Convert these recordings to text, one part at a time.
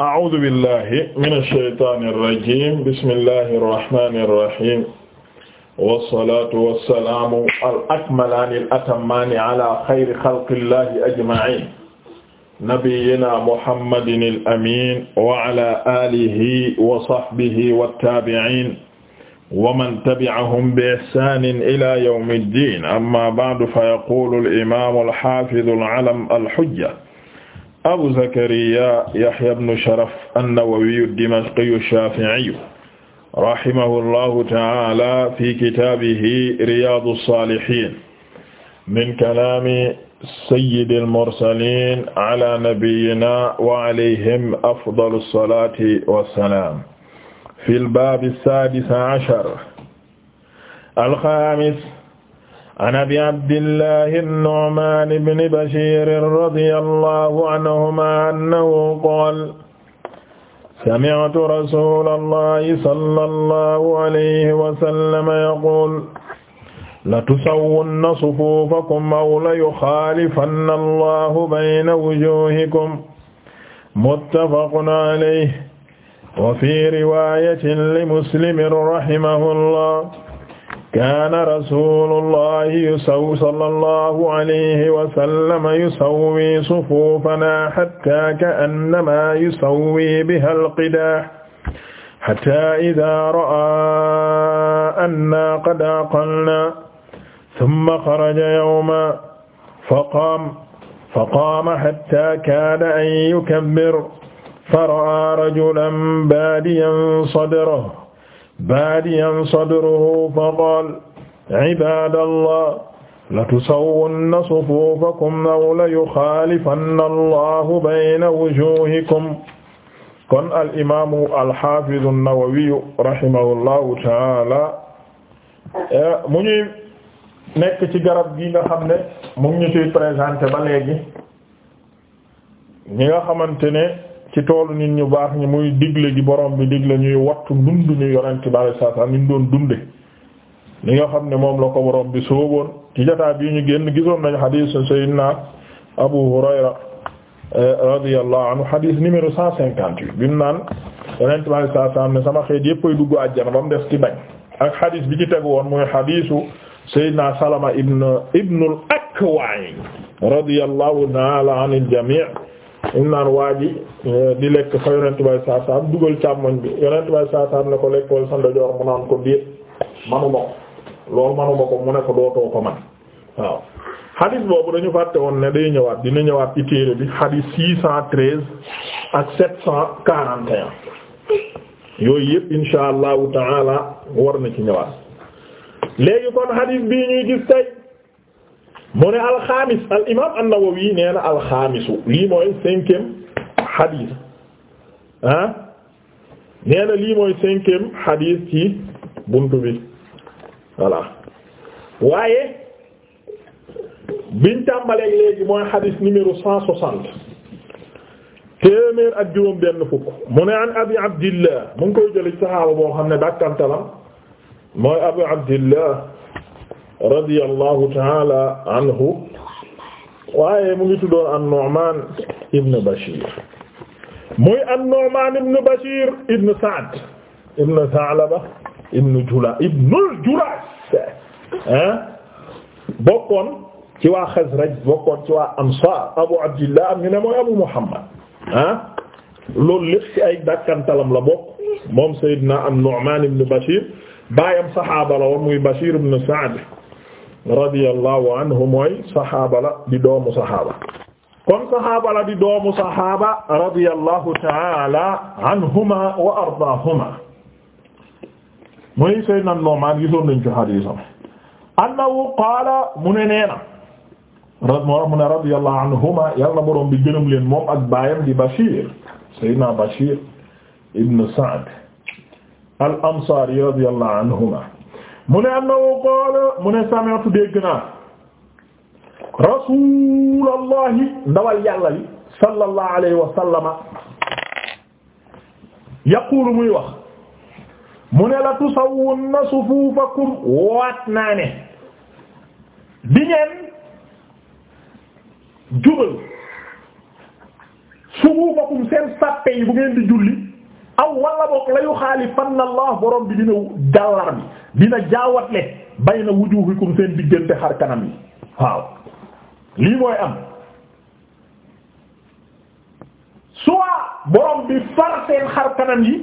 a'uudu billahi mina shaytaani rajiim bismillahi rahmaani rahiim wasalaatu wasalaamu al akmalaani al atammaani ala xayri xalqillahi ajma'iin nabiyyinaa muhammadin al amiin wa ala aalihi wa sahbihi wattaabi'iin wa man tabi'ahum bi ihsaanin ilaa yawmi ddiin amma ba'du fa yaquulu al imaamu al haafidu al alam al hujja Abu Zakariya Yahya ibn Sharaf an-Nawawi ad-Dimashqi ash-Shafi'i rahimahullahu ta'ala fi kitaabihi Riyadu s-Salihin min kalaami sayyidil mursalin ala nabiyyina wa alayhim afdalu s-salati was-salam fil baabi s-sadis ashar al-khamis an abi abdillahi an-Nu'man ibn Bashir radiyallahu anhuma annahu qaala sami'tu rasulallahi sallallahu alayhi wa sallam yaqul latusawwunna sufufakum aw layukhalifanna allahu bayna wujuhikum muttafaqun alayhi wa fi riwayatin li Muslim rahimahullah kaana rasuulullahi yusaw sallallahu alayhi wa sallam yusawwi sufuufanaa hattaa ka'annamaa yusawwi bihal qidaah hattaa izaa ra'aa annaa qad aqalnaa summa xaraja yawman faqaama faqaama hattaa kaada an yukabbira fara'aa rajulan baadiyan sadrahu baadiyan sadruhu faqaala cibaadallah latusawwunna sufuufakum aw layuxaalifanna allahu bayna wujuuhikum kon al imaamu alxaafidu nawawiyu rahimahullahu taala mu ñuy nekk ci garab gi nga xam ne mu ngi ñu ciy présenté ba léegi ñi nga xamante ne ci toolu nit ñu baax ñi muy digle gi borom bi digle ñuy wattu dund ñu yonent bi alayhi salaam ñu doon dunde li nga xam ne moom la ko borom bi sooboon ci jotaay bi ñu génn gisoon nañu xadiis Seydina Abu Hurayra eh, radiyallahu anhu xadiis numéro cent cinquante huit bi mu naan yonent bi salaam ne sama xeet yépp dugg àjjana ba mu des ci bañ ak xadiis bi ci tegu woon muy xadiisu Seydina Salama ibn ibnul Akwa radiyallahu ta'ala anil jami' im naan waa ji eh, di lekk fa yonent bay saa saam dugal càmmoñ bi yonent bay saa ne ko lekkool sa ndojoor mu naan ko déet manuma ko loolu manuma ko mu ne ko dootoo ko man waaw xadis boobu dañu fàtte woon ne day ñëwaat dina ñëwaat ci téere bi xadis six cent treize ak sept cent quarante et un yooyu yëpp insha allahu taala war na ci ñëwaat léegi kon xadis bii ñuy gis tey mu ne alxaamis al imaam an-Nawawi nee alxaamisu lii mooy cinquième xadiis ah nee lii mooy cinquième xadiis ci buntu bi waaye biñ tàmbaleeg léegi mooy xadiis numéro cent soixante téeméer ak juróom benn fukk mu ne an abi abdillah mu koy jëli saxaaba boo xam ne dàkkanta la mooy abu abdillah radiyallahu taala anhu waaye mu ngi tuddoon an-Nu'man ibn Bashir muy an-Nu'man ibn Bashir ibn Sa'd ibn Tha'laba ibn Jula ibn al-Julas bokkoon ci waa Xasraj bokkoon ci waa Ansaar Abu Abdillah am ñu ne mooy Abu Muhammad ah loolu lépp ci ay dakkantalam la bokk moom Seydina an-Nu'man ibn Bashir baayam saxaaba la woon muy Bashir ibn Sa'd radiyallahu anhu mooy saxaaba la di doomu saxaaba kon saxaaba la di doomu saxaaba radiyallahu taala anhuma wa ardaahuma muy Seydina Nu'maan gisoon nañ ci hadiisam annahu qaala mu ne neena radmo mu ne radiyallahu anhuma yàlla boroom bi gërëm leen moom ak baayam di Bashir Seydina Bashir ibn Sa'd al-Ansaari radiyallahu anhuma mu ne annahu qaala mu ne sami'tu dégg naa rasulallahi ndawal yàlla li sallallahu alayhi wa sallama yaqulu muy wax mu ne la tusawwunna sufuufakum waat naa ne di ngeen jubal sufuufakum seen sàppe yi bu ngeen di julli aw wala boog la yuxaalifanna allah borom bi dina jàllar bi dina jaawatle bayna wujuhikum seen diggante xar kanam yi waaw lii mooy am soit borom bi far seen xar kanam yi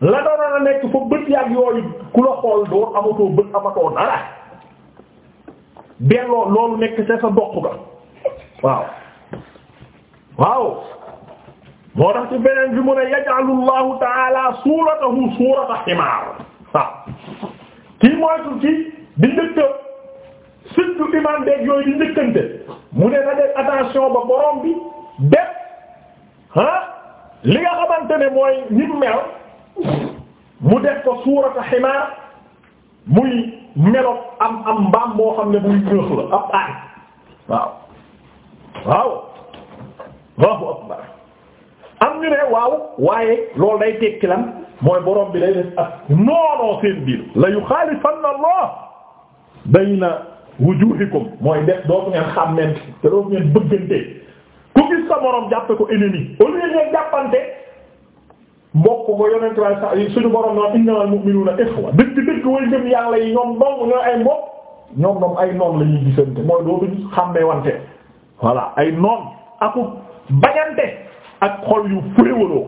la doona na nekk fa bët yaag yooyu ku la xool doo amatoo bët amatoo dara delloo loolu nekk sa sa doq ga waaw waaw moo tax ci beneen bi mu ne yaj'alu Allahu ta'ala suuratahu suurata himaar waaw kii mooy kii di njëkk surtout imaam beeg yooyu di njëkkante mu ne na def attention ba borom bi def ah li nga xamante ne mooy ni mu mel mu def ko suurata himaar muy melo am am mbaam boo xam ne muy ñëx ab aay waaw waaw Allahu akbar am ñu ne waaw waaye loolu day tekki lan mooy borom bi day def ak noonoo seen biir la yuxaalifanna Allah bayna wujuhikum mooy def dootu ngeen xàmmente te dootu ngeen bëggante ku gis sa morom jàppe ko ennemi au ngeen jàppante mbokk ko yonent waaye suñu borom noonu innamal mu'minuna ikhwa dëgg dëgg way ngëm yàlla yi ñoom dong ñoo ay mbokk ñoom ñoom ay noon la ñuy gisante mooy dootuñu xàmmee wante voilà ay noon aku bañante ak xol yu féewaloo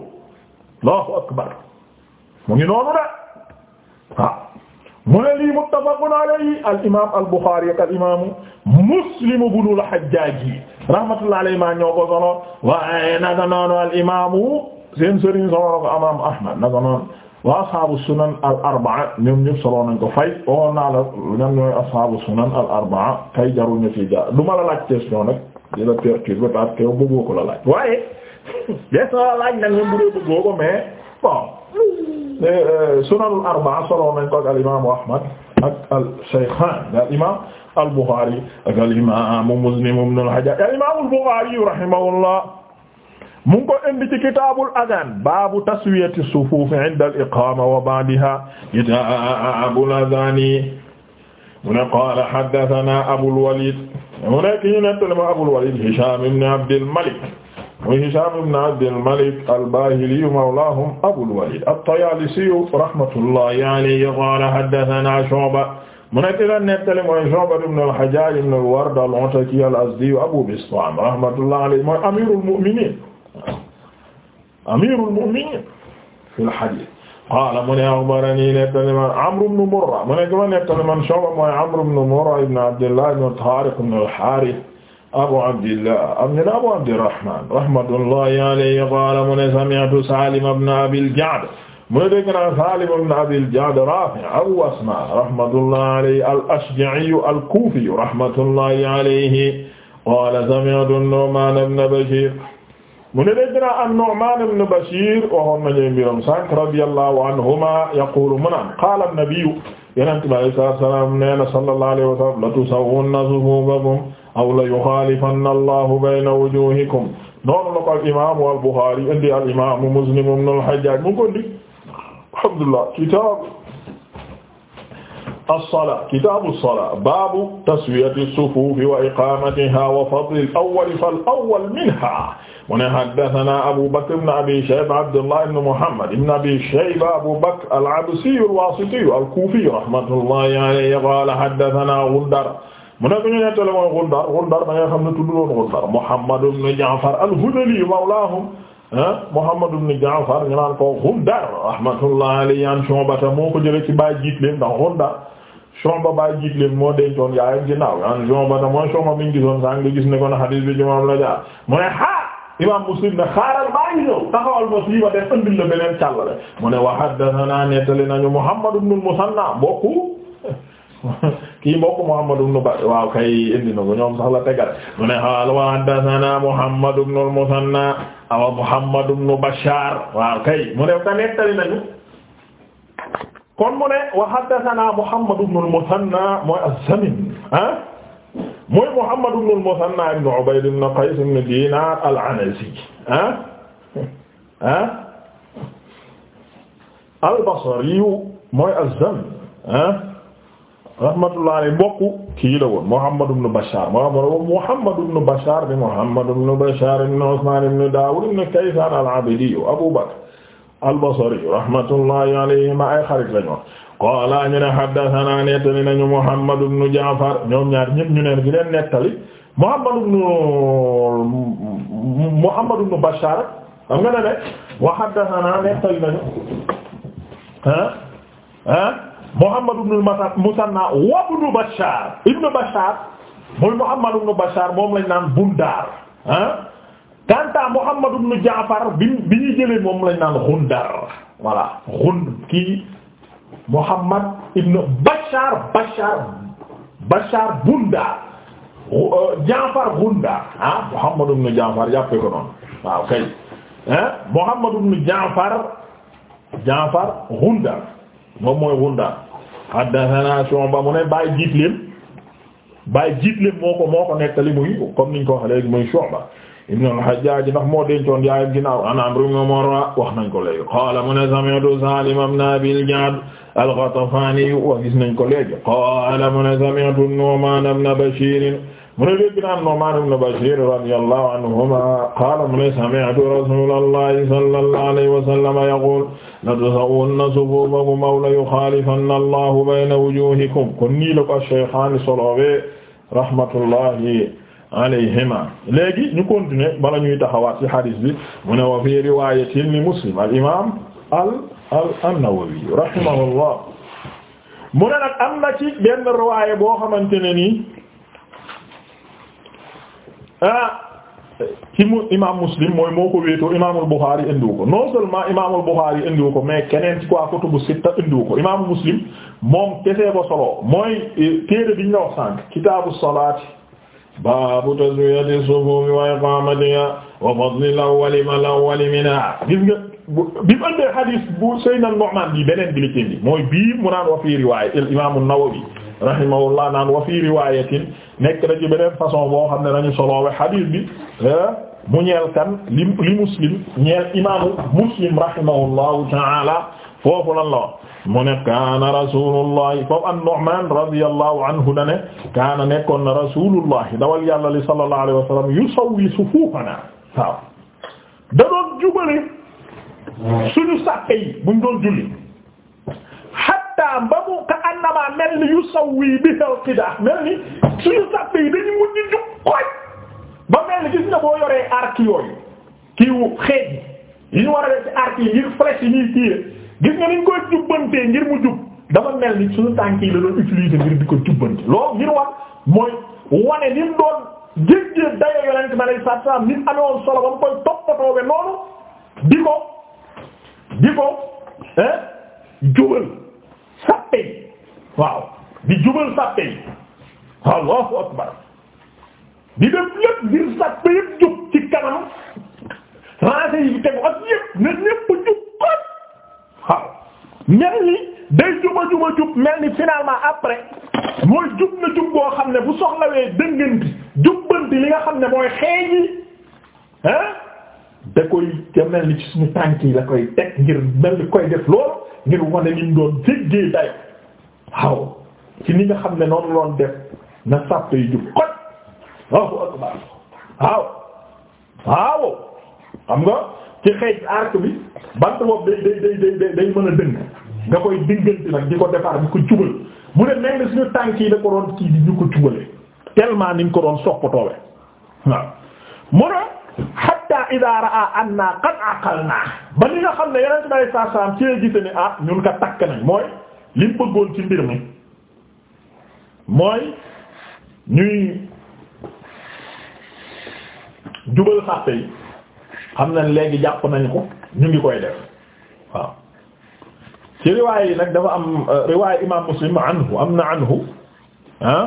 Allahu akbar mu ngi noonu de waaw mu ne lii muttafaqun alayhi al imaam al Buxaari ak al imaamu Muslim ibnu al Hajjaaj yi rahmatullahi alayhi maa ñoo ko solo waaye naka noonu al imaamu seen sëriñ solo ko imaam Ahmad naka noonu wa ashaabu sunan al arba'a ñoom ñëpp solo nañ ko fay oo naa la ñan ñooy ashaabu sunan al arba'a kay jaruñu fi jaar du ma la laaj question nag di la perturber parce que yow bëggoo ko la laaj waaye. des na laaj nag ñun bu dee bëggoo ko mais bon hmm. eh, eh, sunanul arba'a solo nañ ko ak al imaamu Ahmad ak al Shaykhaan al imaam al Bukhari ak al imaamu Muslim ibn al Hajjaj al imaamul Bukhari rahimahullah mu ngi ko indi ci kitaabul adaan baabu taswiyati sufuuf inda al iqaama wa ba'daha kitaabul adaani mu ne qaala haddathanaa abul waliid mu ne ki ñu nettali ma abul waliid Hishaam ibn Abdil Malik muy Hisham ibn Abd al-Malik al-Bahili mawlahum Abul Walid at-Tayalisi rahmatullahi alayhi qala haddathana Shu'ba mu nekk la nettali mooy Shu'ba ibn al-Hajjaj ibn al-Ward al-Ataki al-Azdi Abu Bistam rahmatullahi alayhi mooy amirul mu'minin amirul mu'minin fil hadith qaala mu ne akhbarani nettali man Amr ibn Murra mu nekk la nettali man Shu'ba mooy Amr ibn Murra ibn Abdillah ibn Tariq ibn al-Harith abu abdillah am ne abu abdirrahman rahmatullahi alayhi qaala mu ne sami'tu salim ibn abil ja'd mu ne dégg naa salim ibn abil ja'd rafi' abu asma rahmatullahi alayhi al-ashja'i al-kufi rahmatullahi alayhi qaala sami'tu an-nu'man ibn bashir mu ne dégg naa an-nu'man ibn bashir waxoon nañu mbiram sànq radiyallahu anhuma yaqulu munaan qaala an-nabiyyu yonent bi alayhi salaatu wa salaam nee na sallallahu alayhi wa sallam la tusawwunna sufufakum aw la yuxaalifanna allahu bayna wujuhikum noonu la ko al imaamu al Buxaari indi al imaamu Muslim ibn al Hajjaaj mu ngi ko indi alhamdulillah kitaab as-salaa kitaabu as-salaa baabu taswiyati as-sufuufi wa iqaamatihaa wa fadli al-awwali fal-awwal minhaa mu ne haddathanaa Abuu Bakr ibn Abii Shayba Abdullah ibn Muhammad ibn Abii Shayba Abuu Bakr al-Absii al-Waasitii al-Kuufii rahmatullahi alayhi qaala haddathanaa Gundar mu ne ku ñu nettale mooy Gundar Gundar da xam ne tudd woon Gundar Muhammad ibn Ja'far al-Hudali mawlaahum ah, Muhammad ibn Ja'far ñu naan ko Gundar rahmatullahi alayhi an Shu'ba moo ko jëlee ci baay jiitleem ndax Gundar Shu'ba baay jiitleem moo dencoon yaayam ginnaaw an Shu'ba mooy Shu'ba bi ñu gisoon sànq bi gis ne kon hadis bi ci moom la jaar mu ne ha Imaam Muslim ne xaaral maa ngi ñëw taxawal ma fii ba def andil la beneen càllale mu ne wa haddathanaa nettali nañu Muhammad ibn al-Musanna bokku kii mbokk Muhammad ibn Bakr waaw kay indi na ko ñoom sax la tegal mu ne xaal wa haddathana Muhammad ibn al-Musanna aw Muhammad ibn Bashar waaw kay mu ne ta nettali nañu kon mu ne wa haddathana Muhammad ibn al-Musanna mooy az-Zamin ah mooy Muhammad ibn al-Musanna ibn Ubayd ibn Qays ibn Dinar al-Anazi ah ah al-Basri mooy zamin ah rahmatullah alayhi mbokku kii la woon Muhammad ibn Bashar Muhammad ibn Bashar di Muhammad ibn Bashar ibn Usman ibn Dawud ibn Kaysan al-Abdi Abu Bakr al-Basri rahmatullahi alayhima ay xarit lañu qaala ñu ne haddathana nettali nañu Muhammad ibn Ja'far ñoom ñaar ñëpp ñu ne leen nettali Muhammad ibn Muhammad ibn Bashar xam nga ne wa haddathana nettali nañu ah ah Muhammad ibn al-Musanna wa ibn Bashar mooy Muhammad ibn Bashar moom lañ naan Bundar ah kanta Muhammad ibn Jaafar bi bi ñuy jëlee moom lañ naan Gundar voilà Gund kii Muhammad ibn Bashar Bashar Bashar Bundar euh, Jaafar Gundar ah Muhammad ibn Jaafar jàppee ko noonu waaw ah, Muhammad ibn Jaafar Jaafar Gundar moom mooy Gundar haddathana Shu'ba mu ne Baye Jitlin Baye Jitlin moo ko moo ko nettali muy comme niñ ko waxee léegi muy Shu'ba ibn al-Hajjaj ndax moo dencoon yaayam ginnaaw an Amr ibn Murra wax nañ ko léegi qaala mu ne sami'tu Salim ibn Abil Ja'd al-Ghatafani wa gis nañ ko léegi qaala mu ne sami'tu Nu'man ibn Bashir mu ne dégg naa Nu'man ibn Bashir radiyallahu anhuma qaala mu ne sami'tu rasulallahi sallallahu alayhi wa sallam yaqul latusawwunna sufufakum aw layukhalifanna Allahu bayna wujuhikum kon nii la ko Shaykhaan solowee rahmatullahi alayhima léegi ñu continuer bala ñuy taxawaat ci hadith bi mu ne wa fi riwayatin li Muslim al imam al al an-Nawawi rahimahullah mu ne nag am na ci benn riwaaya boo xamante ne nii ci ah, mu imam muslim mooy moo ko wéetoo imaamul Bukhari indiwu ko non seulement imaamul Bukhari indiwu ko mais keneen ci quoi kutubu sitta indiwu ko imaamu muslim moom kesee ko mooy eh, téere bi ñu la wax sànq kitaabu salaati baabu taswiyati sufufi wa iqamatiha wa fadli al-awwali ma bi mu andee hadis bu Seydina Nu'man bi beneen bi li indi mooy bii mu naan wa fi imaam an rahimahullah naan wa fii riwaayatin nekk na ci beneen façon boo xam ne nañu soloowe hadith bi eh, mu ñeel kan li li muslim ñeel imaamu muslim rahimahullahu ta'ala foofu lan la wax mu ne kaana rasulullahi comme an-Nu'man radiyallahu anhu dane kaana nekkoon na rasulullahi dawal yàlla li sallallahu alayhi wa sallam yusawwi sufuufana waaw da doon jubale suñu sàppe yi buñ doon julli xatta ba mu ka annama mel ni yu sawwi bi al mel ni suñu sàpp yi dañu mujj ju koy ba mel ni gis nga boo yoree arc yooyu kiiwu xeej yi ñu war a def arc yi ngir flèche yi ñuy tiire gis nga niñ koy jubbantee ngir mu jub dafa mel ni suñu tànk yi la doon utiliser ngir di ko jubbante loolu ngir wax mooy wane ni mu doon jéggee dayo yonent bi alayhi salaatu salaam amee woon solo ba mu koy noonu di ko di ko hein jubal sàppe yi waaw di jubal sàppe yi allahu akbar di def lépp ngir sàppe yëpp jub ci kanam rancé yi tegu ak yëpp ne ñëpp jub xot waaw mel ni day juba juba jub mel ni finalement après mooy jub na jub boo xam ne bu soxlawee dënganti jubbanti li nga xam ne mooy xeeñi ah da koy te mel ni ci suñu tànk yi la koy teg ngir mel ni koy def loolu ngir wane li mu doon jéggee dayo waaw ci ni nga xam ne noonu loon def na sàpp yi jub xoj waaw waaw xam nga ci xëy arc bi bant boobu day day day day day mën a dëng nga koy dënganti nag di ko defar di ko jubal mu ne mel ni suñu tànk yi da ko doon kii di ñu ko jubale tellement ni ñu ko doon soppatoowee waaw hatta idha ra'a anna qad aqalna ba ni nga xam ne yonent bi alayhi salaam ci gise ni ah ñun ka takk nañ mooy li mu bëggoon ci mbir mi mooy ñuy jubal sàppe xam na léegi jàpp nañ ko ñu ngi koy def waaw ci riwaay yi nag dafa am euh, riwaay imaam muslim anhu am na anhu ah.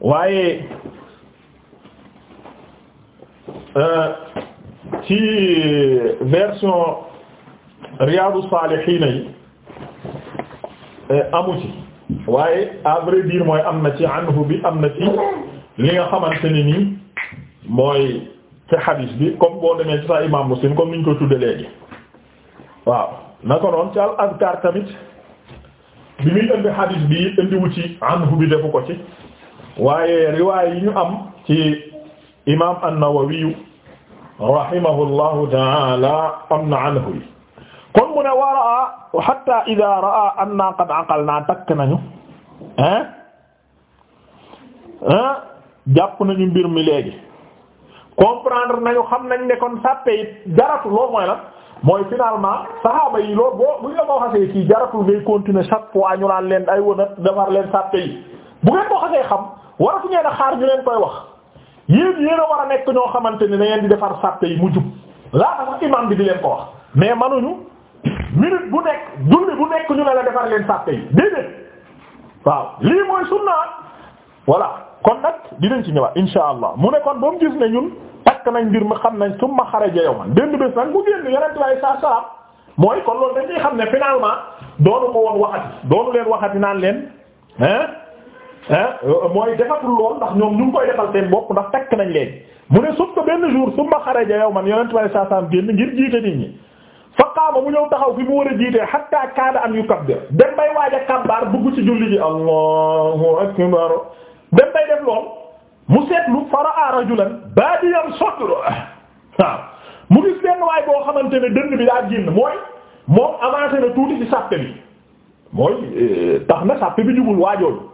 waaye Euh, ci version Riyadou Salihina yi euh, amu waaye à vrai mooy am na ci anhu bi am na ci li nga xamante ni nii mooy ci hadis bi comme boo demee sa imam Muslim comme niñ ko tudde léegi waaw naka noonu ci al azkar tamit bi muy indi hadis bi indiwu ci anhu ko ci waaye riwaay yi am ci imaam an-Nawawi rahimahullahu ta'ala am na anhu kon mu ne wara hatta idha ra'a anna qad aqalna takk nañu hein hein nañu mbir mi léegi comprendre nañu xam nañ ne kon sàppe jaratu loolu mooy la mooy finalement saxaaba yi bu ñu la ko xasee jaratu ngay continuer chaque ñu naan leen ay leen sàppe bu ngeen ko xasee xam waratu ngeen a xaar leen koy wax yéen yéen a war a nekk ñoo xamante ne da ngeen di defar sàppe yi mu jub laata sax imam bi di leen ko wax mais manuñu minute bu nekk julli bu nekk ñu ne la defar leen sàppe yi déedéet waaw lii mooy sunna voilà kon nag dinañ ci ñëwaat insha allah mu ne kon ba mu gis ne ñun takk nañ mbir mi xam nañ su ma xaraja yow man benn bés nag mu génn yeneen tubaab saa salaam mooy kon loolu dañuy xam ne finalement doonu ko woon waxati doonu leen waxati naan leen hein Euh, mooy defatul lool ndax ñoom ñu ngi koy defal seen bopp ndax takk nañ leen mu ne sauf que benn jour su ma xaraja man yonent may saa saam génn ngir jiite nit ñi fa qaama mu ñëw taxaw fi mu war a jiite hatta kaada an yukabbir dem bay waaj a kabbaar dugg ci julli ji allahu dem bay def lool mu seetlu faraa rajulan baadiyan sadru waaw mu gis benn waay boo xamante ne dënd bi daa génn mooy moom avancé na tuuti ci sàppe bi mooy euh, tax na sàppe bi jubul waajooju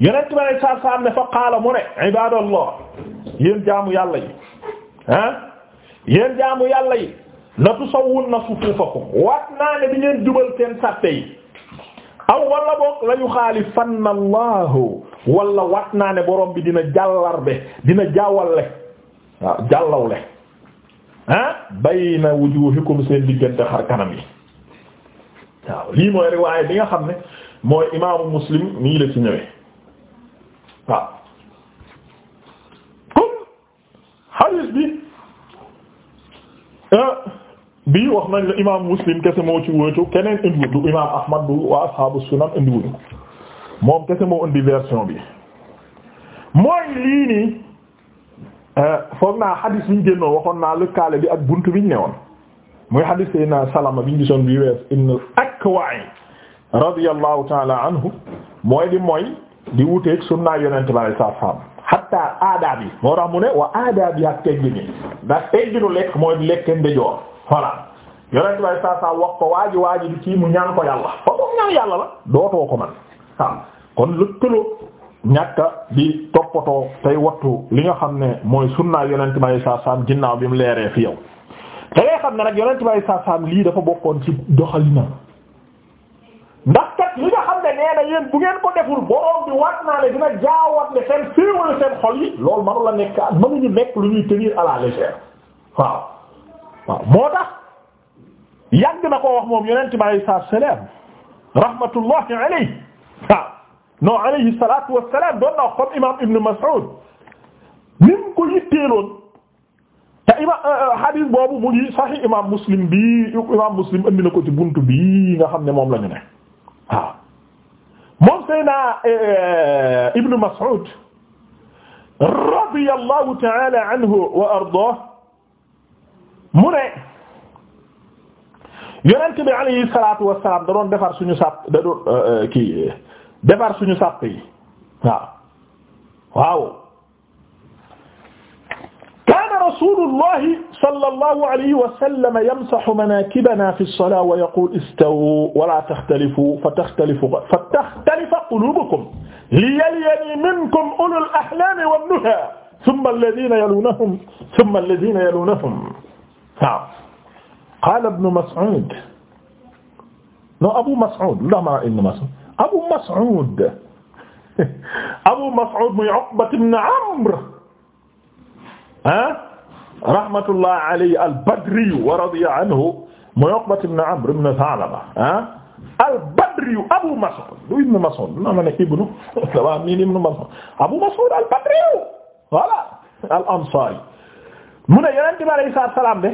yonent bi alei saatu salaam ne fa qaala mu ne ibadallah yéen jaamu yàlla yi ah yéen jaamu yàlla yi la tusawwunna sufuufakum waat naa ne di ngeen jubal seen sàtte yi aw wala boog la yuxaalifanna allahu wala waat naa ne borom bi dina jàllarbe dina jaawale waaw jàllawle ah bayna wujuhikum seen diggante xar yi waaw lii mooy riwaaya bi nga xam ne mooy imaamu muslim nii la ci ñëwee xadiis bi euh, bii wax nañ la imaam muslim kese moo ci wóotu keneen indiwul du imaam ahmad du waa ashaabu sunan indiwul moom kese moo indi version bi mooy lii euh, foog naa xadiis bi ñu génnoon waxoon naa lëkkaale bi ak bunt bi ñu newoon muy xadiis sayna salama bi ñu gisoon bi wees ibn al-Akwa'i radiyallahu ta'ala anhu mooy di mooy di wuteek sunnaa yonent bi sallallahu alayhi wasallam hatta aadaab yi moo tax mu ne wa aadaab yi ak teggin yi ndax tegginu lekk mooy lekk ndejoor voilà yonent bay saa wax ko waaji waaji bi kii mu ñaan ko yàlla fa moom ñaan yàlla la dootoo ko man waaw kon lëkkaloo ñàkka di toppatoo tey wattu li nga xam ne mooy sunnaa yonent bay saa ginnaaw bi mu leeree fi yow te ngay xam ne nag yonent bay saa lii dafa bokkoon ci doxalinam ndax kat li nga ne nee na yéen bu ngeen ko deful borom bi waat naa ne dina jaawat ne seen féewal seen xol yi loolu manu la nekk mënuñu nekk lu ñuy tenir à la légère waaw waaw moo tax yàgg na ko wax moom yonent bi alayhi salaatu salaam rahmatullahi alayhi waaw non alayhi salaatu wassalaam doon na imam Ibn Mas'ud ni mu ko yitteeloon te imam euh, euh, hadith boobu mu ngi sahih imam Muslim bi imam Muslim andi na ko ci buntu nga xam ne moom la ñu ne waaw moom Seydina eh, eh, Ibnu Mas'ud radiyallahu ta'ala anhu wa ardaahu mu ne yonent bi alayhi salaatu wa salaam da doon defar suñu sàpp da doon eh, kii defar suñu sàpp yi waaw waaw rasulullahi sallallahu alayhi wa sallam yamsahu manakibana fi as-salaa wa yaqulu istawu wa la taxtalifu fa taxtalifu fa taxtalifa qulubukum liyalyani minkum ulul ahlaami wan-nuhaa thumma alladhiina yaluunahum thumma alladhiina yaluunahum waaw qaala ibnu Mas'uud non Abu Mas'uud ndax ma ibnu Mas'uud Abu Mas'uud Abu Mas'uud muy Uqba ibn Amr ah rahmatullahi alayhi al-Badri wa radiya anhu mu Uqbat ibn Amr ibn Tha'laba ah al-Badri Abu Mas'ud du ibn Mas'ud na ma ne ibnu damaa miin ibn Mas'ud Abu Mas'ud al-Badri voilà al-Ansari mu ne Yonent bi alayhi salaam de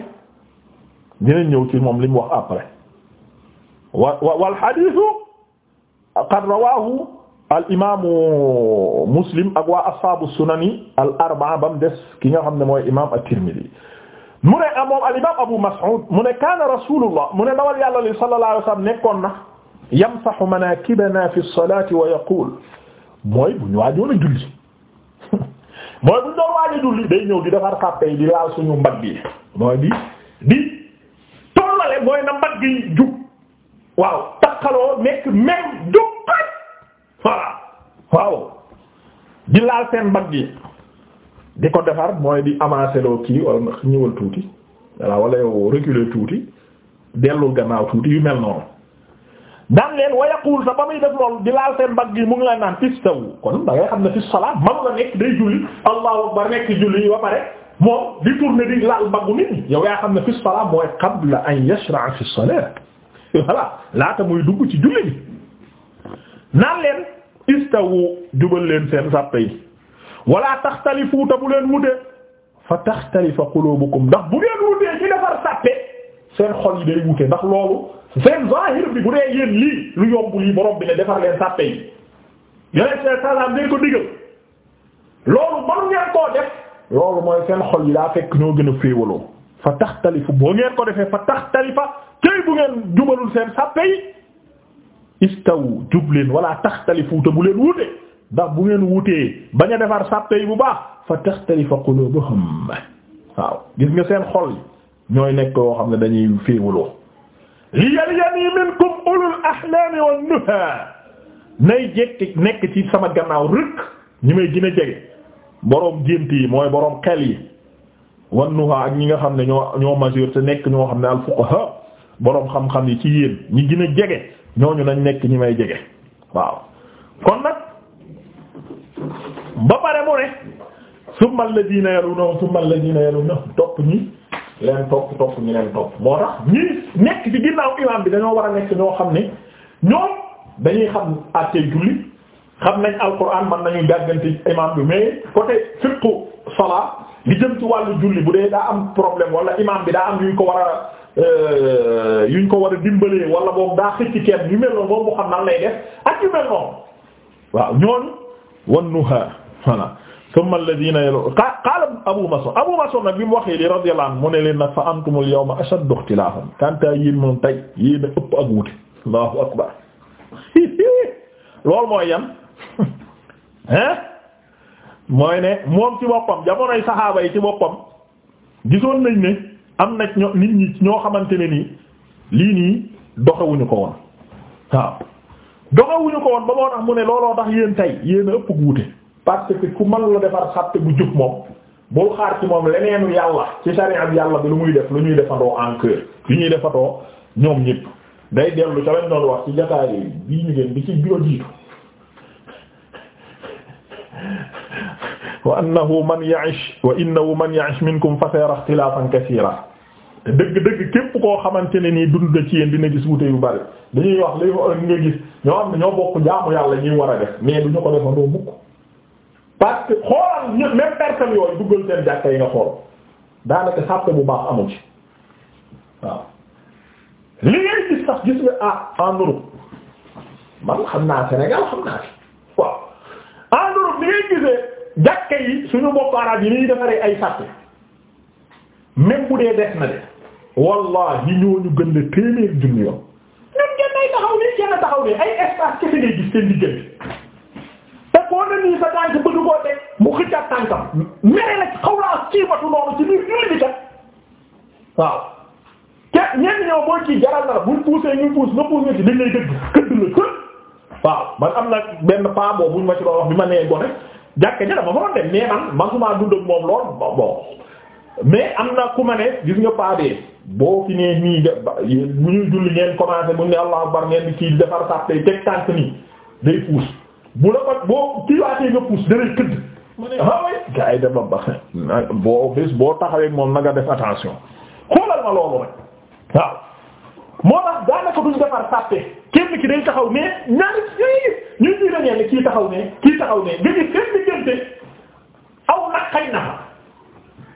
dinañ ñëw ci moom li mu wax après wa wal hadith qad rawahu al imaamu muslim ak waa ashaabu sunani al arbaa ba mu des ki nga xam ne mooy imaam at-Tirmidhi mu ne ah moom al imaam Abu Mas'ud mu ne kaana rasulullah mu ne dawal yàlla li sallallahu alayhi wa sallam nekkoon na yamsahu manaakibana fi salaati wa yaqul mooy bu ñu waajoon a julli mooy bu ñu doon waaj a julli day ñëw di defar kàppe yi di laal suñu mbagg yi mooy di di tollale mooy na mbagg yi jub waaw takkaloo nekk même jub. voilà waaw di laal seen mbagg yi di ko defar mooy di avancer loo kii wala ñëwal tuuti voilà wala yow reculer tuuti dellul gannaaw tuuti yu mel noonu daan leen wayaquul sa ba muy def loolu di laal seen mbagg yi mu ngi la naan istaw kon da ngay xam ne fi salaat manu nekk day julli allahu akbar nekk julli ba pare moom di tourner di laal mbaggu nit ñi yaa xam ne fi salaat mooy qabla an yashra'a fi salaat laata muy dugg ci julli bi naan leen istawu jubal leen seen sàppe yi wala taxtalifu ta bu leen wute fa taxtalifa qulubukum ndax bu ngeen wutee ci defar sàppe seen xol yi day wute ndax loolu seen zahir bi bu dee yéen lii lu yomb lii borom bi ne defar leen sàppe yi yeneen seen salaam dañ ko digal loolu manu ngeen koo def loolu mooy seen xol yi daa fekk ñoo gën a féewaloo fa taxtalifu boo ngeen ko defee fa taxtalifa kay bu ngeen jubalul seen sàppe yi istaw jub leen wala taxtalifu te bu leen wute ndax bu ngeen wutee bañ a defar sàppe yi bu baax fa taxtalifa qulubuhum waaw gis nga seen xol yi ñooy nekk yoo xam ne dañuy féewuloo li yalyani minkum ulul ahlaami wan nuha nay jekk nekk ci sama gannaaw rëkk ñi may gën a jege boroom gént yi mooy boroom xel yi wan nuha ak ñi nga xam ne ñoo ñoo majeur te nekk ñoo xam ne al fuqaha boroom xam-xam yi ci yéen ñi gën a jege ñooñu nañ nekk ñi may jege waaw kon nag ba pare mu ne summa alladina yaluna summa alladina yaluna topp ñi leen topp topp ñi leen topp moo tax ñi nekk ci ginnaaw imaam bi dañoo war a nekk ñoo xam ne ñoom dañuy xam àttee julli xam nañ alquran man nañu gàggante imaam bi mais côté surtout sala li jëm ci wàllu julli bu dee daa am problème wala imaam bi daa am yuñ ko war a Euh, yuñ ko war a dimbalee wala moom daa xëcc kenn yu mel moom mu xam naa lay def ak yu mel noonu waaw ñooñu wan nuha voilà thumma alladhina Abu Mas'ud Abu Mas'ud nag bi mu waxee li radiyallahu anhu mu ne leen nag fa antumul yawma ashaddu ikhtilafan kanta yéen moom tey yéen a ëpp ak wuute loolu mooy yan hein mooy ne moom ci boppam jamonoy saxaaba yi ci boppam gisoon nañ ne am nag ño nit ñi ñoo xamante ne nii lii nii doxewuñu ko woon waaw doxewuñu ko woon ba moo tax mu ne looloo tax yéen tey yéen a ëpp guute parce que ku mën la defar xatte bu jub moom bul xaar ci moom leneenu yàlla ci sariya yàlla bi lu muy def lu ñuy defandoo en cœur ñuy defandoo ñoom ñëpp day dellu ca lañ doon wax ci jataay bii ñu gën bi ci biro jiitu wa annahu man ya'ish wa innahu man ya'ish minkum fa sayara ikhtilafan kaseera te dëgg-dëgg képp koo xamante ne nii dund na ci yéen dina gis wute yu bari dañuy wax li nga gis ñoo xam dañoo bokk jaamu yàlla ñuy war a def mais du ñu ko defandoo mukk parce que xoolal ñun même personne yooyu duggal seen jàkka yi nga xool daanaka sàppe bu baax amu ci waaw li ngay gis sax gis nga ah en man xam naa Sénégal xam naa fi waaw en Europe li ngay yi suñu bokk arab yi ni ñuy defaree ay sàppe même bu dee des na de. wallahi ñooñu gën la téeméer junni yoon ñun kenn ay taxaw nii kenn taxaw nii ay espace kese ngay gis seen diggante te koo ne nii sa tànk bëgg koo teg mu xëccaat tànkam mere la xaw ci biir julli bi kat waaw kenn ñenn ñoo mooy kii jaral na la buñ ñu pousse nga pousse nga ci dañ lay dëgg këdd la waaw man am nag benn paa boobu buñ ma ci doon wax ma nee gone jàkke ja dama fa doon dem mais man man su ma moom lool bon mais am na ku ma ne gis nga paadee boo fi nee nii bu ñuy julli ngeen commencé mu ne allah akbar ngeen di kii defar sàppee teg tànk nii day puus bu la boo kii waatee nga puus danay këdd ah boo bés boo taxawee moom na nga def attention xoolal ma loolu rek waaw moo tax daanaka defar sàppe kenn ki day taxaw ne ñaari ñun ñii dañu kii taxaw ne kii taxaw ne nga gis seen diggante aw nag xëy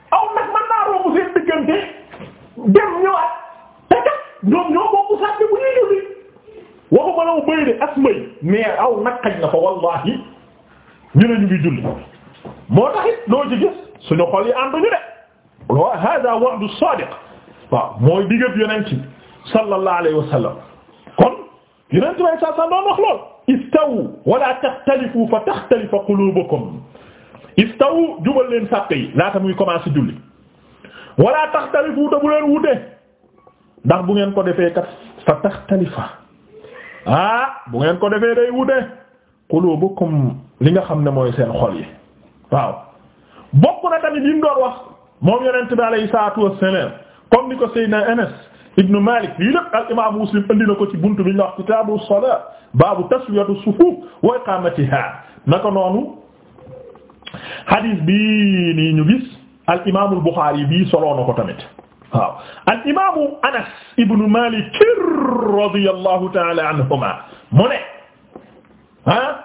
aw nag mën naa romb seen diggante dem ñëwaat te kat ñoom ñoo bokk sànni bu ñuy julli waxuma la wu bëy de as may mais aw nag xañ na fa wallahi ñu ne ñu ngi julli moo taxit loo ci gis suñu xol yi ànduñu de wa hada wa'du sadiq waaw mooy diggab yonent ci sallallahu alayhi wa sallam kon yonent bay sa sa doon wax lool istawu wala taxtalifu fa taxtalifa qulubukum istaw jubal leen sàppe yi laata muy commencé julli wala taxtalifu te bu leen wute ndax bu ngeen ko defee kat fa taxtalifa ah bu ngeen ko defee day wute qulubukum li nga xam ne mooy seen xol yi waaw bokk na tamit yi mu doon wax moom yonent bi alayhi salaatu wassalaam comme ni ko Seydina Anas ibnu Malik lii lépp al imaamu Muslim indi na ko ci bunt bi ñu wax kitaabu salaa baabu taswiyatu sufuf wa iqaamatiha naka noonu xadiis bii nii ñu gis al imaamul Buxaari bii soloo na ko tamit waaw al imaamu Anas ibnu Maalik radiyallahu ta'ala anhuma mu ne ah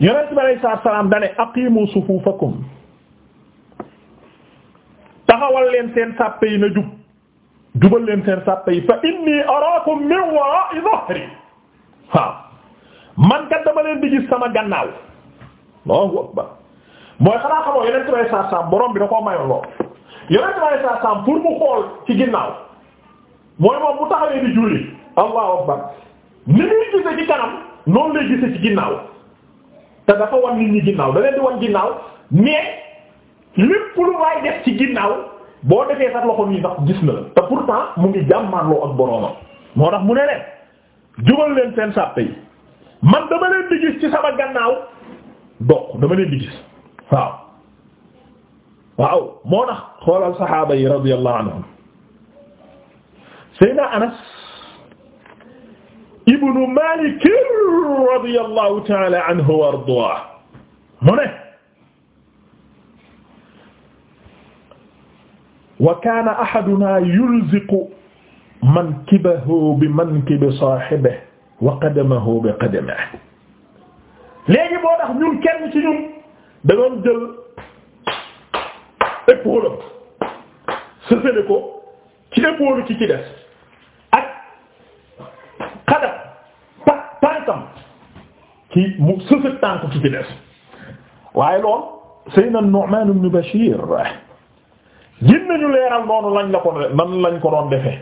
yonent bi alayhi salaatu wa salaam dane aqiimu sufuufakum taxawal leen seen sàppe yi na jub jubal leen seen sàppe yi fa inni araakum min waraa'i dhahri waaw man kat dama leen di gis sama gannaaw Allahu akbar mooy xanaa xamoo yonent bi saa saam borom bi da koo mayoon lool yonent bi saa saam pour mu xool ci ginnaaw mooy moom bu taxawee di julli allahu akbar ni muy gise ci kanam noonu lay gise ci ginnaaw te dafa wan nit ñi ginnaaw da di wan ginnaaw mais ci ginnaaw boo defee sax loxo nii sax gis na la te pourtant mu ngi jàmmaarloo ak boroomam moo tax mu ne leen jubal leen seen sàppe yi man dama leen di gis ci sama gannaaw doq dama leen di gis waaw waaw moo tax xoolal saxaaba yi radiyallahu anhum Seydina Anas ibnu Maalik radiyallahu ta'ala anhu wa ardaahu mu ne wa kaana ahadunaa yulziqu mankibahu bi mankibi saahibihi wa qadamahu bi qadamihi léegi moo tax ñun kenn ci ñun da doon jël épaule sësale ko ci épaule ci ci des ak xadab pa tànkam ci mu des waaye lool Seydina Nu'man ibn Bashir gin nañu leeral noonu lañ la ko nan lañ ko doon defee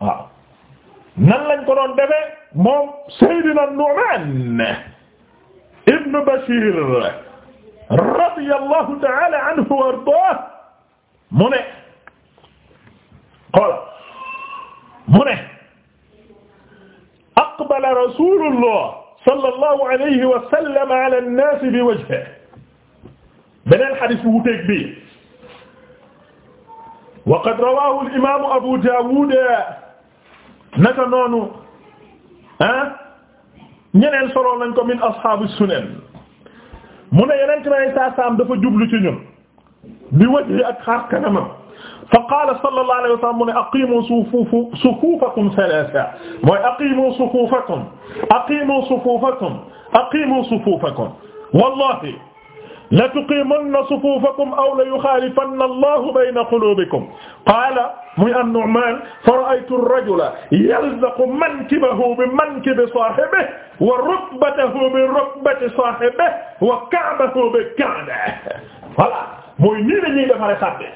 lañ ko doon defee moom Seydina Nu'man ibn Bashir radiyallahu ta'ala anhu wa ardaah mu ne xool mu ne aqbala rasulullah sallallahu alayhi wa sallam ala an-nas bi wajhihi beneen xadis bu wuteeg bi wa qad rawahu al-imam Abu Dawud naka noonu ah ñeneen solo nañ ko min ashabi sunan mu ne yeneen ci saa saam dafa jublu ci ñun bi wajhi ak xar kanamam fa qaala sallallahu alayhi wa sallam mu ne aqimu sufufu sufufakum salasa mooy aqimu sufufakum aqimu sufufakum aqimu sufufakum wallahi la tuqiimanna sufuufakum aw la yuxaalifanna allahu bayna quluubikum qaala muy an-Nu'maan fa ra'aytu ar-rajula yalzaqu mankibahu bi mankibi saahibihi wa rukbatahu bi rukbati saahibihi wa ka'bahu bi ka'bihi voilà mooy nii la ñuy defaree sàbde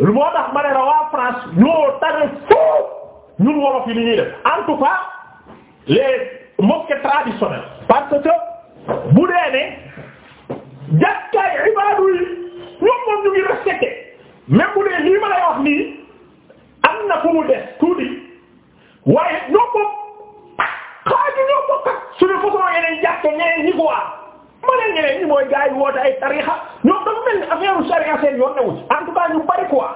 lu moo tax ma ne la waa France ñoo tare foofu ñun wolof yi li ñuy def en tout cas les mosquées traditionnelles parce que bu dee ne jàkkaay ibaadu yi ñoom moom ñu ngi respecté même bu lii ma lay wax nii am na fu mu des tuuti waaye ñoo ko ah xaaju ñoo ko kat suñu façon yeneen jàkke ñeneen ñi ko waa ma ne ñeneen ñi mooy gars woote ay tarixa ñoom dafa mel ni affaire sharia seen yoon newu ci en tout cas ñu bari quoi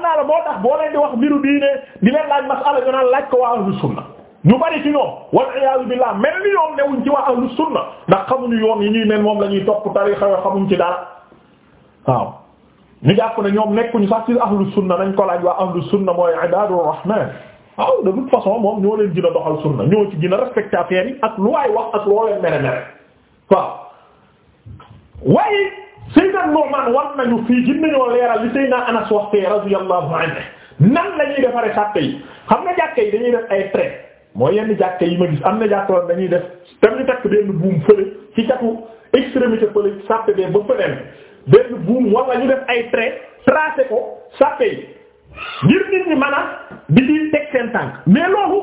naa la moo tax boo leen di wax mbiru diine di leen laaj masala ñu naan laaj ko waa ahlu sunna ñu bari ci ñoom wal iyaazu billaah mel ni ñoom newuñ ci waa ahlu sunna ndax xamuñu yoon yi ñuy mel moom la ñuy topp tariixa yoo xamuñ ci dara waaw ñu jàpp ne ñoom nekk ñu sax ci ahlu sunna nañ ko laaj waa ahlu sunna mooy ibaadu rahmaan waaw de toute façon moom ñoo leen gën a doxal sunna ñoo ci gën a yi ak lu waay wax ak loo leen mere mere waaw waaye Seydina Nu'man war nañu fii gën nañoo leeral li Seydina Anas waxtee radiyallahu anhu nan lañuy xam nga jàkke yi dañuy def ay prêt mooy yenn jàkka yi ma gis am na jàkka dañuy def tam ñu takk benn buum fële ci catu extrémité fële sàppe de ba fële benn buum wala ñu def ay trait tracé ko sàppe yi ngir nit ñi mën a di di teg seen tànk mais loolu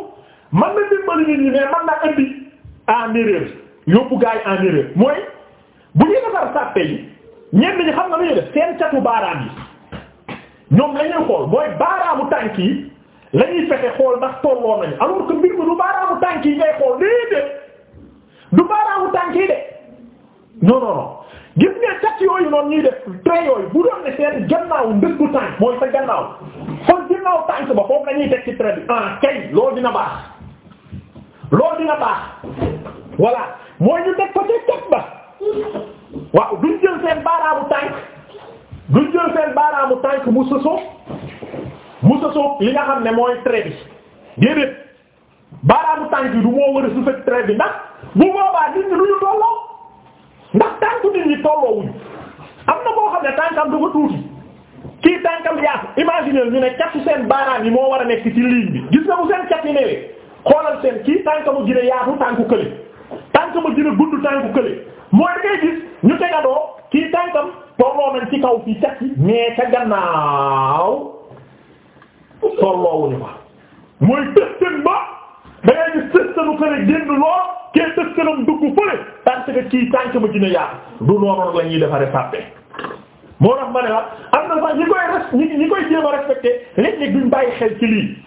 man na dimbali nit ñi mais man naa indi en erreur yóbbu gars yi mooy bu ñuy defar sàppe yi ñenn ñi xam nga lu ñuy def seen catu baaraam yi ñoom la xool mooy baaraamu tànk yi. la ñuy fexe xool ndax tolloo nañu alors que mbir mi du baaraamu tànk yi ngay xool déedéet du baaraamu tànk yi de non non non gis nga cat yooyu noonu ñuy def trait yooyu bu doon ne seen gannaaw ndëggu tànk mooy sa gannaaw kon gannaaw tànk ba foofu la ñuy teg ci trait ah kay loolu dina baax loolu dina baax voilà mooy ñu teg ko ci cat ba waaw duñ jël seen baaraamu tànk duñ jël seen baaraamu tànk bu soso mu sa soog li nga xam ne mooy trait bi déedéet baaraamu tànk bi du moo war a su fekk trait ndax bu boobaa nit ñi du ñu tolloo ndax tànku nit ñi tolloowuñu am na koo xam ne tànkam dafa tuuti kii tànkam yaatu imaginer ñu ne catu seen baaraam yi moo war a nekk ci ligne bi gis nga bu seen cat newee xoolal seen kii tànkamu gën a yaatu tànku kële tànkamu gën a gudd tànku kële mooy da ngay gis ñu tegadoo kii tànkam tolloo nañ ci kaw fii cat yi mais tolloowuñu ma mooy système ba da ngay gis système ko ne génn lool kee système dugg fële parce que kii tànk ma gën a yaatu du noonu la ñuy defaree fàtte. moo tax ma ne la am na sax ñi koy res ñi ñi koy jéem a respecté léeg-léeg duñ bàyyi xel ci lii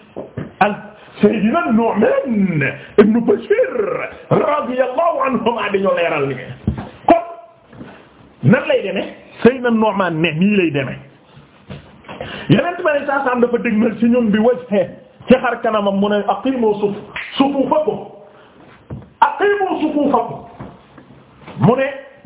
al Seydina Nu'man ibn Bashir radiyallahu anhuma dañoo leeral ni kon nan lay demee Seydina Nu'man ne nii lay demee. yeneen i may sàà dafa dégmal ci ñun bi wajhe ci xar kanamam mu ne aqimu suf sufufakum aqimu sufufakum mu ne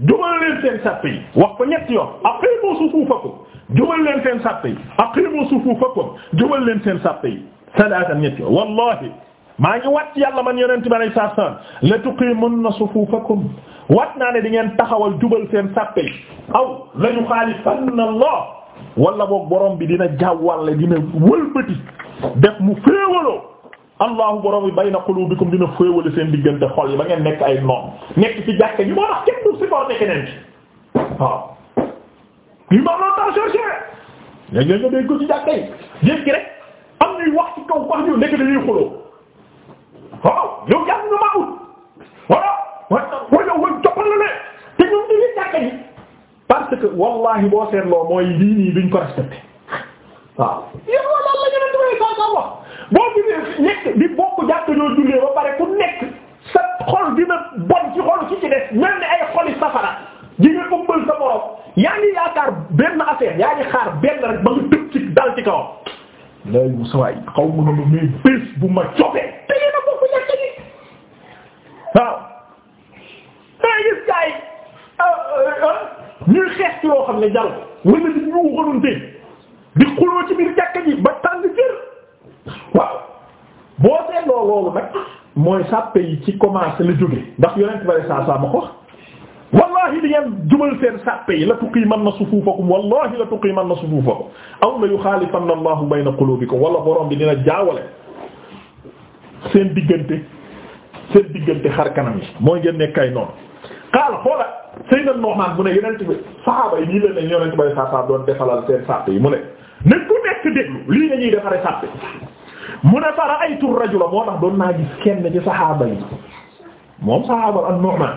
jubal leen seen sàpp yi wax ko ñetti yoon aqimu sufufakum jubal leen seen sàpp yi aqimu sufufakum jubal leen seen sàpp yi salaasa ñetti yoon wallahi maa ngi wat yàlla man yonent bi alayhi salaam la tuqiimunna sufuufakum wat naa ne di ngeen taxawal jubal seen sàppe yi aw la yuxaalifanna Allah wala boog borom bi dina jàwwalle dina wëlbati def mu féewaloo allahu borom bi bayna qulubikum dina féewale seen diggante xol yi ba ngeen nekk ay noon nekk ci jàkk yi moo tax kenn du supporté keneen ci waaw yi ko ci jàkk yi jéeg gi rek am ñuy wax ci kaw wax ñu nekk dañuy xuloo wallahi boo seetloo mooy lii nii duñ ko respecté waaw yéen wala la ñu doon doon saa saa wax boo gisee nekk di bokk jàpp ñoo jullee ba ku nekk sa xol dina bon ci xol ci ci des mel ni ay xoli safara di nga ëmbal sa borom yaa ngi yaakaar benn affaire yaa ngi xaar benn rek ba nga ci dal ci kawam. lay mu sawaay xaw ma ne ma mais bu ma jobee. yoo xam ne jaru wala di ñu xonante di xuloo biir jàkka ji ba tàng jër waaw boo seetloo loolu nag mooy sàppe yi ci commencé la jóge ndax yonent bare saa saa ma ko wax wallahi di ngeen jubal seen sàppe yi la tuqiimanna sufuufakum wallahi la tuqiimanna sufuufakum aw la yuxaalifanna allahu bayna quluubikum wala borom bi dina jaawale seen diggante seen diggante xar kanam yi mooy ngeen nekk noonu xaala xoola Seydina Nu'man mu ne yonent bi lii la ne yonent bay saa saa doon mu ne ne ku nekk déglu lii la ñuy defaree sàpp mu ne fa ra'aytu rajula moo tax doon naa gis kenn ci saxaaba yi moom saxaaba an-Nu'man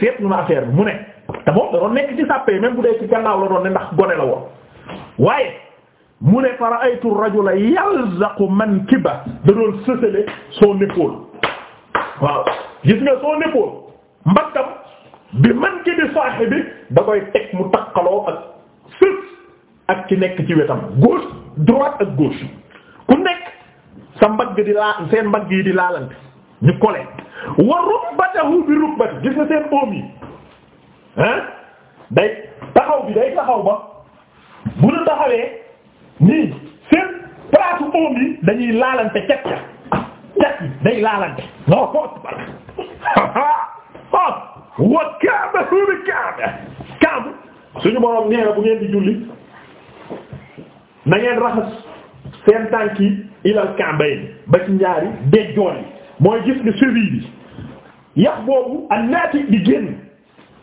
seetlu na affaire bi mu ne te moom da doon nekk ci sàpp yi même bu dee ci gannaaw la doon ne ndax gone la woon waaye mu ne fa ra'aytu rajula yalzaqu mankiba da doon sësale son épaule waaw gis nga son épaule bi man ki di bi da koy teg mu takkaloo ak sës ak ci nekk ci wetam gauche droite ak gauche ku nekk sa mbagg di laa seen mbagg yi di laalante ñu kole wa rukbatahu bi rukbati gis na seen oom yi day taxaw bi day taxaw ba bu nu taxawee nii seen place oom yi dañuy laalante cet ca cet yi day laalante non wa Kaaba suñu Kaaba Kaaba bu ngeen di julli na ngeen raxas seen tànk ilal Kaabayn ba ci ñaari déjjoor yi mooy gis nga cheville bi yax boobu ak naati di génn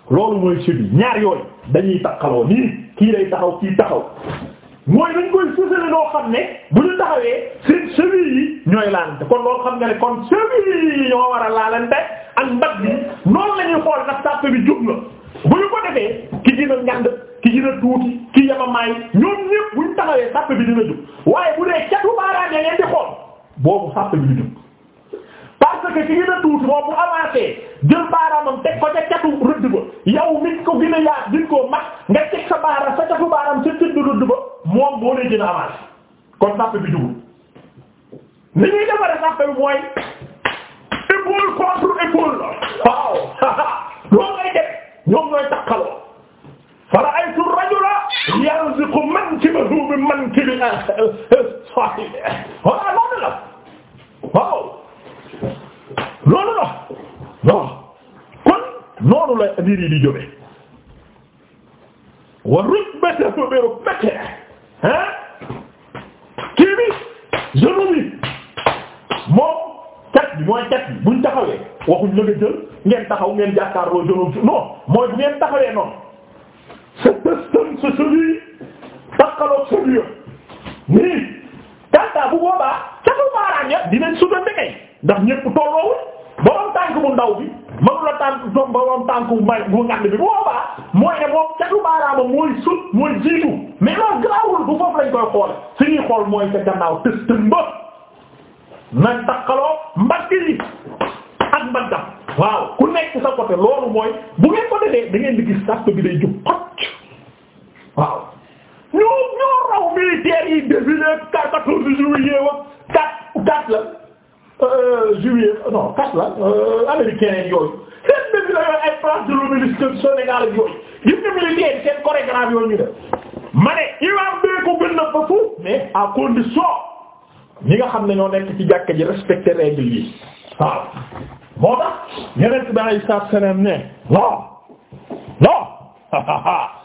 loolu mooy cheville ñaar yooyu dañuy takkaloo nii kii lay taxaw kii taxaw mooy dañ koy fësale noo xam ne bu ñu taxawee seen cheville yi ñooy laalante kon loolu xam nga ne kon cheville yi ñoo war a laalante. ak mbag bi noonu la xool ndax sàpp bi jub na bu ñu ko defee ki gën a ñand ki gën a tuuti ki yemamaay ñoom ñëpp bu ñu taxawee sàpp bi dina jub waaye bu dee catu baaraam ya ngeen di xool boobu sàpp bi du jub parce que ki gën a tuuti moom bu avancé jël baaraamam teg ko ca catu rëdd ba yow mit ko gën a yaat gin koo mag nga teg sa baaraam sa catu baaraam sa tëdd rëdd ba moom boo lay gën a avancé kon bi jubul ni ñuy defaree sàpp bi mooy épaule contre épaule la waaw loolu lay def ñoom ñooy takkaloo fara'aytu rajula yanziqu mankibahu bi mankibi sahibi waaw loolu la waaw loolu la waaw kon noonu la mbir yi di jóge wa rukbatahu bi rukbatihi ha kii bi bi mooy cat bi buñ taxawee waxuñ la nga jël ngeen taxaw ngeen jàkkaarloo jëloon non mooy bu ngeen taxawee noonu sa testan sa cheville takkaloog sa biir nii kanta bu boobaa catu baaraam ya dinañ sutante kay ndax ñépp tolloowul borom tànk bu ndaw bi mënu la tànk doom borom tànk bu may bu ngand bi bu boobaa mooy ne moom catu baaraama mooy sut mooy jiitu mais loolu garaawul bu foofu lañ koy xool suñuy xool mooy sa gannaaw testan ba nañ takkaloo mbagg yi ak mbaggam waaw ku nekk sa côté loolu mooy bu ngeen ko defee da ngeen di gis sàpp bi day jub xocc waaw ñoo ñoo raw militaires yi défilé car wa quatre quatre la euh, juillet non quatre la euh, américains yooyu seen défilé yooyu de l'Obélisque Sénégal ak yooyu gis nga militaires yi seen chorégraphie ñi nga xam ne ñoo nekk ci jàkka ji respecté règle yi moo tax yeneen bi alei salaatu salaam ne non non